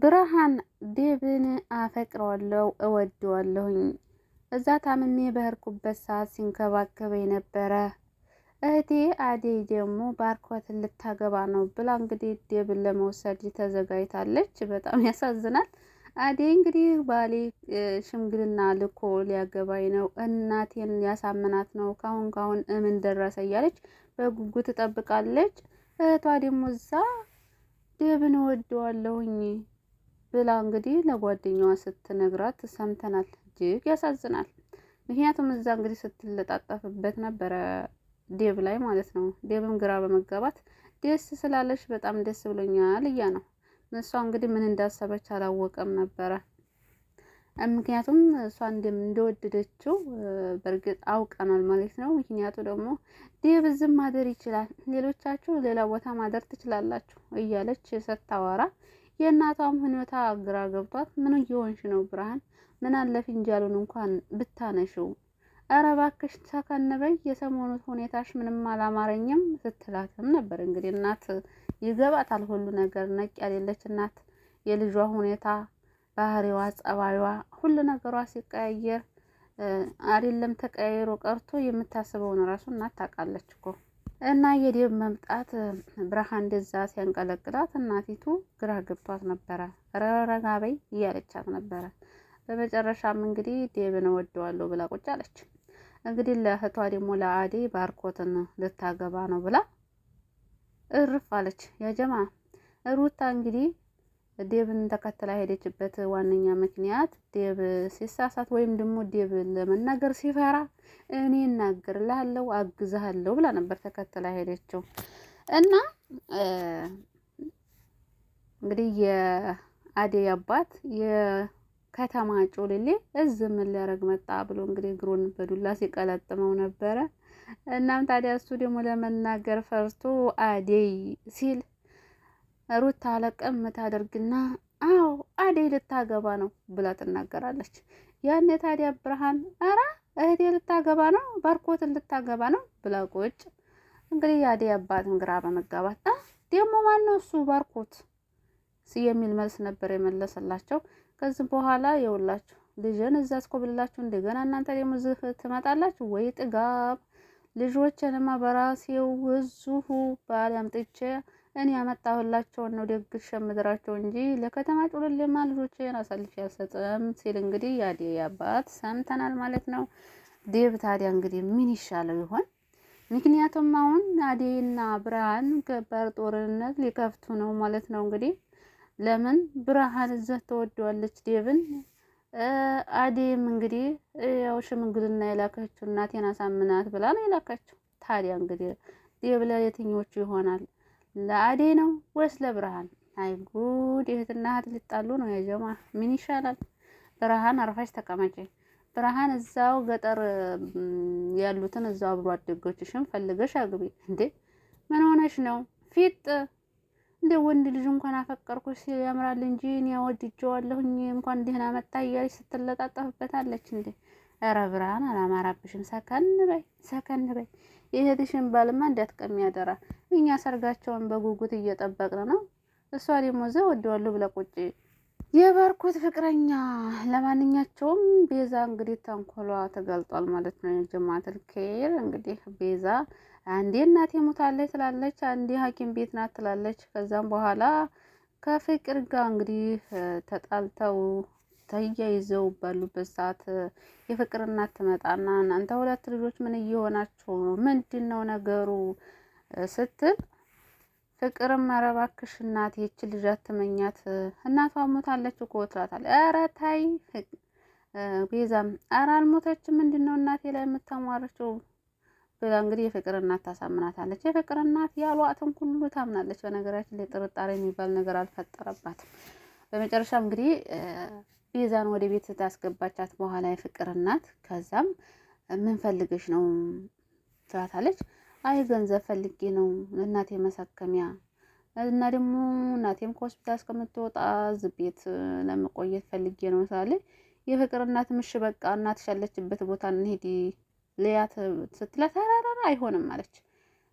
ብርሃን ዴብን አፈቅረዋለሁ እወደዋለሁኝ። እዛ ታምሜ በህርኩበት ሰዓት ሲንከባከበ የነበረ እህቴ አደይ ደግሞ ባርኮትን ልታገባ ነው ብላ እንግዲህ ዴብን ለመውሰድ ተዘጋጅታለች። በጣም ያሳዝናል። አዴ እንግዲህ ባሌ ሽምግልና ልኮ ሊያገባኝ ነው፣ እናቴን ሊያሳምናት ነው፣ ካሁን ካሁን እምን ደረሰ እያለች በጉጉት ትጠብቃለች። እህቷ ደግሞ እዛ ዴብን እወደዋለሁኝ ብላ እንግዲህ ለጓደኛዋ ስትነግራት ሰምተናል። እጅግ ያሳዝናል። ምክንያቱም እዛ እንግዲህ ስትለጣጠፍበት ነበረ ዴብ ላይ ማለት ነው። ዴብም ግራ በመጋባት ደስ ስላለሽ በጣም ደስ ብሎኛል እያ ነው። እሷ እንግዲህ ምን እንዳሰበች አላወቀም ነበረ። ምክንያቱም እሷ እንደወደደችው በእርግጥ አውቀናል ማለት ነው። ምክንያቱ ደግሞ ዴብ ዝም ማደር ይችላል፣ ሌሎቻችሁ ሌላ ቦታ ማደር ትችላላችሁ እያለች ስታወራ የእናቷም ሁኔታ ግራ ገብቷት ምን እየሆንሽ ነው ብርሃን? ምን አለ ፊንጃሉን እንኳን ብታነሽው እረ እባክሽ ተከንበይ የሰሞኑ ሁኔታሽ ምንም አላማረኝም ስትላትም ነበር። እንግዲህ እናት ይገባታል ሁሉ ነገር። ነቅ ያሌለች እናት የልጇ ሁኔታ፣ ባህሪዋ፣ ጸባዩዋ፣ ሁሉ ነገሯ ሲቀያየር አይደለም ተቀያይሮ ቀርቶ የምታስበውን ራሱ እናት ታውቃለች እኮ። እና የዴብ መምጣት ብርሃን እንደዛ ሲያንቀለቅላት እናቲቱ ግራ ገብቷት ነበረ። ረረጋበይ እያለቻት ነበረ። በመጨረሻም እንግዲህ ዴብን እወደዋለሁ ብላ ቁጭ አለች። እንግዲህ ለእህቷ ደግሞ ለአዴ ባርኮትን ልታገባ ነው ብላ እርፍ አለች። ያጀማ ሩታ እንግዲህ ዴብን ተከትላ ሄደችበት ዋነኛ ምክንያት ዴብ ሲሳሳት ወይም ደግሞ ዴብ ለመናገር ሲፈራ እኔ እናገርልሃለሁ አግዝሃለሁ ብላ ነበር ተከትላ ሄደችው እና እንግዲህ የአደይ አባት የከተማ ጮልሌ እዝ ምን ሊያደርግ መጣ ብሎ እንግዲህ እግሩን በዱላ ሲቀለጥመው ነበረ። እናም ታዲያ እሱ ደግሞ ለመናገር ፈርቶ አደይ ሲል ሩታ አለቀም የምታደርግና አዎ አደይ ልታገባ ነው ብላ ትናገራለች። ያኔ ታዲያ ብርሃን ኧረ እህቴ ልታገባ ነው ባርኮትን ልታገባ ነው ብላ ቁጭ እንግዲህ የአደይ አባትን ግራ በመጋባት ደግሞ ማነው እሱ ባርኮት የሚል መልስ ነበር የመለሰላቸው። ከዚህ በኋላ የውላችሁ ልጅን እዛ አስኮብልላችሁ እንደገና እናንተ ደግሞ ዝህ ትመጣላችሁ ወይ ጥጋብ ልጆችንማ በራሴው እዙሁ ባል አምጥቼ እኔ ያመጣሁላቸውን ነው ደግሽ የምድራቸው እንጂ ለከተማ ጩልልማ ልጆቼን አሳልፌ አልሰጥም ሲል እንግዲህ የአደይ አባት ሰምተናል ማለት ነው። ዴብ ታዲያ እንግዲህ ምን ይሻለው ይሆን? ምክንያቱም አሁን አዴና ብርሃን ገባር ጦርነት ሊከፍቱ ነው ማለት ነው። እንግዲህ ለምን ብርሃን እዚህ ተወደዋለች ዴብን አዴም እንግዲህ ያው ሽምግልና የላከችው እናቴን አሳምናት ብላ ነው የላከችው። ታዲያ እንግዲህ ዴብ ለየትኞቹ ይሆናል? ለአዴ ነው ወይስ ለብርሃን? አይ ጉድ! እህትና እህት ሊጣሉ ነው ያጀማ። ምን ይሻላል? ብርሃን አርፋሽ ተቀመጪ። ብርሃን እዛው ገጠር ያሉትን እዛው አብሮ አደጎችሽን ፈልገሽ አግቢ። እንዴ ምን ሆነሽ ነው ፊጥ እንዴ ወንድ ልጅ እንኳን አፈቀርኩሽ ሲል ያምራል እንጂ እኔ ወድጄዋለሁኝ እንኳን ደህና መጣ እያለች ስትለጣጠፍበታለች እንዴ ኧረ ብርሃን አላማራብሽም። ሰከን በይ ሰከን በይ። የእህትሽን ባልማ እንዳትቀሚ ያደራ። እኛ ሰርጋቸውን በጉጉት እየጠበቅን ነው። እሷ ደግሞ ዘ ወደዋለሁ ብላ ቁጭ የባርኮት ፍቅረኛ። ለማንኛቸውም ቤዛ እንግዲህ ተንኮሏ ተገልጧል ማለት ነው። የጀማትል ኬር እንግዲህ ቤዛ አንዴ እናቴ ሞታለች ትላለች፣ አንዴ ሐኪም ቤት ናት ትላለች። ከዛም በኋላ ከፍቅር ጋር እንግዲህ ተጣልተው ተያይዘው ባሉበት ሰዓት የፍቅር እናት ትመጣና እናንተ ሁለት ልጆች ምን እየሆናችሁ ነው? ምንድን ነው ነገሩ? ስትል ፍቅርም ኧረ እባክሽ እናት ይቺ ልጅ አትመኛት፣ እናቷ ሞታለች እኮ ትላታለች። ኧረ ታይ ቤዛም ኧረ አልሞተችም፣ ምንድን ነው እናቴ ላይ የምታሟረችው ብላ እንግዲህ የፍቅር እናት ታሳምናታለች። የፍቅር እናት ያሏትን ሁሉ ታምናለች። በነገራችን ላይ ጥርጣሬ የሚባል ነገር አልፈጠረባትም። በመጨረሻም እንግዲህ ቤዛን ወደ ቤት ስታስገባቻት በኋላ የፍቅር እናት ከዛም ምን ፈልገሽ ነው ትላታለች። አይ ገንዘብ ፈልጌ ነው እናቴ መሳከሚያ እና ደግሞ እናቴም ከሆስፒታል እስከምትወጣ እዚህ ቤት ለመቆየት ፈልጌ ነው ትላለች። የፍቅር እናት ምሽ በቃ እናትሽ ያለችበት ቦታ እንሂድ ልያት ስትላት ተራራራ አይሆንም አለች።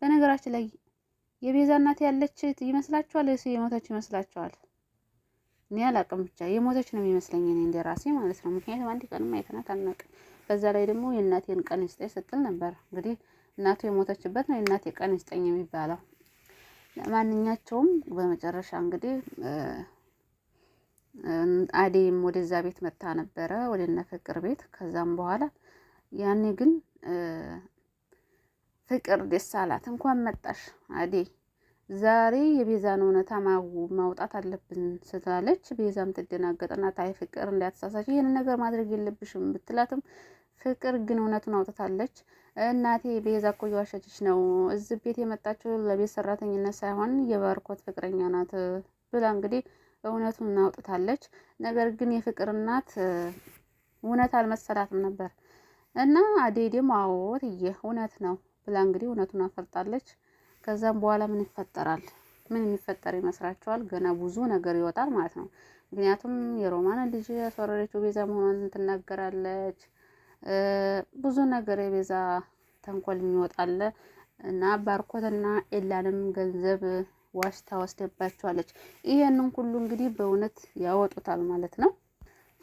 በነገራችን ላይ የቤዛ እናት ያለች ይመስላችኋል? የሞተች ይመስላችኋል? እኔ አላቅም ብቻ የሞተች ነው የሚመስለኝ እኔ እንደ ራሴ ማለት ነው። ምክንያቱም አንድ ቀንም አይተናት አናቅም። በዛ ላይ ደግሞ የእናቴን ቀን ይስጠኝ ስትል ነበር። እንግዲህ እናቱ የሞተችበት ነው የእናቴ ቀን ይስጠኝ የሚባለው። ለማንኛቸውም በመጨረሻ እንግዲህ አዴም ወደዛ ቤት መታ ነበረ ወደ እነ ፍቅር ቤት። ከዛም በኋላ ያኔ ግን ፍቅር ደስ አላት። እንኳን መጣሽ አዴ ዛሬ የቤዛን እውነታ ማውጣት አለብን ስላለች ቤዛም ትደናገጥና ታይ ፍቅር እንዳትሳሳች ይህንን ነገር ማድረግ የለብሽም ብትላትም ፍቅር ግን እውነቱን አውጥታለች። እናቴ ቤዛ እኮ እየዋሸችሽ ነው፣ እዚህ ቤት የመጣችው ለቤት ሰራተኝነት ሳይሆን የባርኮት ፍቅረኛ ናት ብላ እንግዲህ እውነቱን አውጥታለች። ነገር ግን የፍቅር እናት እውነት አልመሰላትም ነበር እና አዴ ደግሞ አዎ ትዬ እውነት ነው ብላ እንግዲህ እውነቱን አፈርጣለች። ከዛም በኋላ ምን ይፈጠራል? ምን የሚፈጠር ይመስላችኋል? ገና ብዙ ነገር ይወጣል ማለት ነው። ምክንያቱም የሮማን ልጅ ያስወረደችው ቤዛ መሆኗን ትናገራለች። ብዙ ነገር የቤዛ ተንኮል የሚወጣለ እና ባርኮትና ኤላንም ገንዘብ ዋሽታ ወስደባቸዋለች። ይሄንን ሁሉ እንግዲህ በእውነት ያወጡታል ማለት ነው።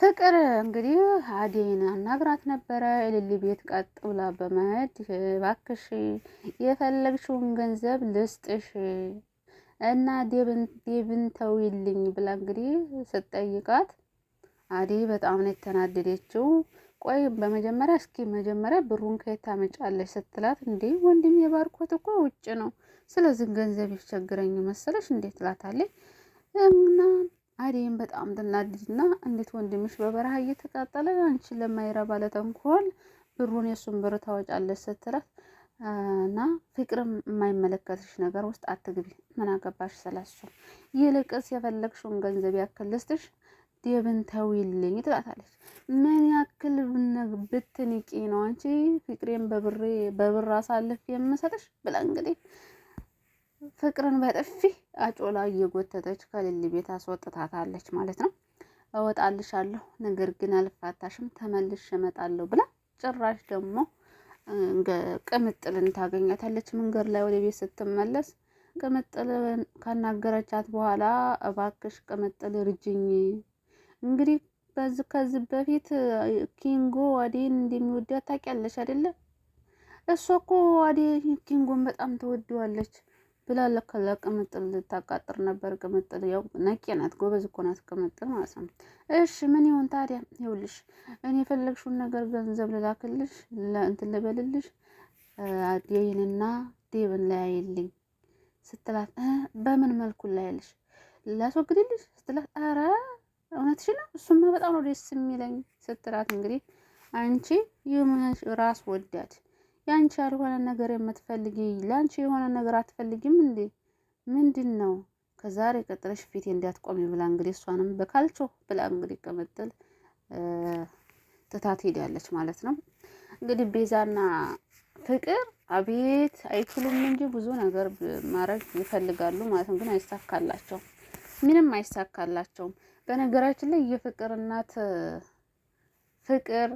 ፍቅር እንግዲህ አዴን አናግራት ነበረ። የልሊ ቤት ቀጥ ብላ በመሄድ ባክሽ የፈለግሽውን ገንዘብ ልስጥሽ እና ዴብን ተውልኝ ብላ እንግዲህ ስትጠይቃት አዴ በጣም ነው የተናደደችው። ቆይ በመጀመሪያ እስኪ መጀመሪያ ብሩን ከየት ታመጫለሽ ስትላት፣ እንዴ ወንድም የባርኮት እኮ ውጭ ነው፣ ስለዚህ ገንዘብ ይቸግረኝ መሰለሽ እንዴት ትላታለች እና አደይም በጣም ትናድድና እንዴት ወንድምሽ በበረሃ እየተቃጠለ አንቺ ለማይረባ ለተንኮል ብሩን የሱን ብር ታወጫለች ስትላት እና ፍቅርም የማይመለከትሽ ነገር ውስጥ አትግቢ፣ ምን አገባሽ ስለሱ፣ ይልቅስ የፈለግሽውን ገንዘብ ያክል ልስጥሽ፣ ዴብን ተዊልኝ ትላታለች። ምን ያክል ብትንቂ ነው አንቺ ፍቅሬን በብሬ በብር አሳልፍ የምሰጥሽ ብላ እንግዲህ ፍቅርን በጥፊ አጮላ እየጎተተች ከልል ቤት አስወጥታታለች ማለት ነው። እወጣልሻለሁ ነገር ግን አልፋታሽም ተመልሼ እመጣለሁ ብላ ጭራሽ ደግሞ ቅምጥልን ታገኛታለች መንገድ ላይ ወደ ቤት ስትመለስ ቅምጥልን ካናገረቻት በኋላ እባክሽ ቅምጥል እርጅኝ እንግዲህ በዚህ ከዚህ በፊት ኪንጎ አዴን እንደሚወዳት ታውቂያለሽ አይደለ? እሷ እኮ አዴ ኪንጎን በጣም ትወደዋለች። ብላለ ከላ ቅምጥል ልታቃጥር ነበር። ቅምጥል ያው ነቄ ናት፣ ጎበዝ እኮ ናት ቅምጥል ማለት ነው። እሺ ምን ይሁን ታዲያ? ይኸውልሽ እኔ የፈለግሽውን ነገር ገንዘብ ልላክልሽ፣ እንትን ልበልልሽ፣ አዴይንና ዴብን ላያይልኝ ስትላት፣ በምን መልኩ ላያይልሽ ላስወግድልሽ ስትላት፣ አረ እውነትሽ ነው እሱማ በጣም ነው ደስ የሚለኝ ስትላት፣ እንግዲህ አንቺ ይህ ራስ ወዳድ ያንቺ ያልሆነ ነገር የምትፈልጊ ለአንቺ የሆነ ነገር አትፈልጊም እንዴ? ምንድን ነው? ከዛሬ ቀጥለሽ ፊቴ እንዲያትቆሚ ብላ እንግዲህ እሷንም በካልቾ ብላ እንግዲህ ከመጠል ትታት ሄዳለች ማለት ነው። እንግዲህ ቤዛና ፍቅር አቤት አይችሉም እንጂ ብዙ ነገር ማድረግ ይፈልጋሉ ማለት ነው። ግን አይሳካላቸው፣ ምንም አይሳካላቸውም። በነገራችን ላይ የፍቅር እናት ፍቅር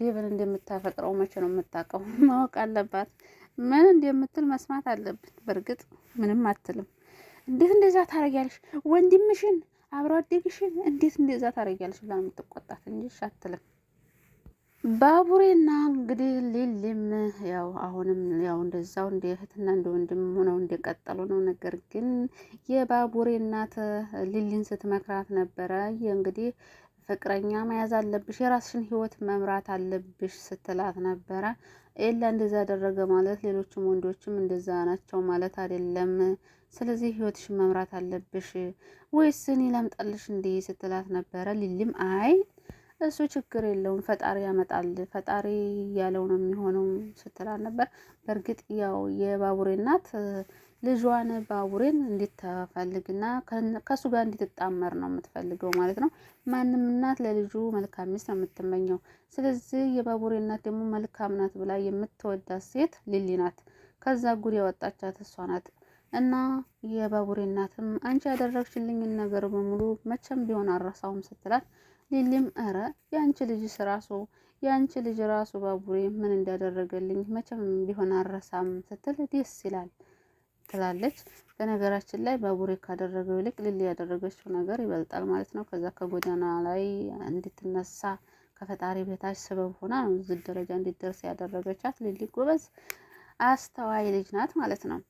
ዴቭን እንደምታፈቅረው መቼ ነው የምታውቀው? ማወቅ አለባት። ምን እንደምትል መስማት አለብን። በእርግጥ ምንም አትልም። እንዴት እንደዛ ታረጊያለሽ? ወንድምሽን አብሮ አደግሽን እንዴት እንደዛ ታረጊያለሽ ብላ የምትቆጣት እንጂ አትልም። ባቡሬና እንግዲህ ሊሊም ያው አሁንም ያው እንደዛው እንደ እህትና እንደ ወንድም ሆነው እንደቀጠሉ ነው። ነገር ግን የባቡሬ እናት ሊሊን ስትመክራት ነበረ እንግዲህ ፍቅረኛ መያዝ አለብሽ፣ የራስሽን ህይወት መምራት አለብሽ ስትላት ነበረ። ኤላ እንደዛ ያደረገ ማለት ሌሎችም ወንዶችም እንደዛ ናቸው ማለት አይደለም። ስለዚህ ህይወትሽን መምራት አለብሽ ወይስ እኔ ላምጣልሽ እንዴ ስትላት ነበረ። ሊሊም አይ እሱ ችግር የለውም ፈጣሪ ያመጣል፣ ፈጣሪ እያለው ነው የሚሆነው ስትላት ነበር። በእርግጥ ያው የባቡሬ እናት ልጇን ባቡሬን እንድትፈልግና ከእሱ ጋር እንድትጣመር ነው የምትፈልገው ማለት ነው። ማንም እናት ለልጁ መልካም ሚስት ነው የምትመኘው። ስለዚህ የባቡሬ እናት ደግሞ መልካም ናት ብላ የምትወዳት ሴት ሊሊ ናት። ከዛ ጉድ ያወጣቻት እሷ ናት። እና የባቡሬ እናትም አንቺ ያደረግሽልኝን ነገር በሙሉ መቼም ቢሆን አረሳውም ስትላት ሊሊም እረ የአንቺ ልጅ ስራሱ የአንቺ ልጅ ራሱ ባቡሬ ምን እንዳደረገልኝ መቼም ቢሆን አረሳም ስትል ደስ ይላል። ትላለች። በነገራችን ላይ ባቡሬ ካደረገው ይልቅ ሊሊ ያደረገችው ነገር ይበልጣል ማለት ነው። ከዛ ከጎዳና ላይ እንድትነሳ ከፈጣሪ በታች ስበብ ሆና ነው እዚህ ደረጃ እንዲደርስ ያደረገቻት። ሊሊ ጎበዝ አስተዋይ ልጅ ናት ማለት ነው።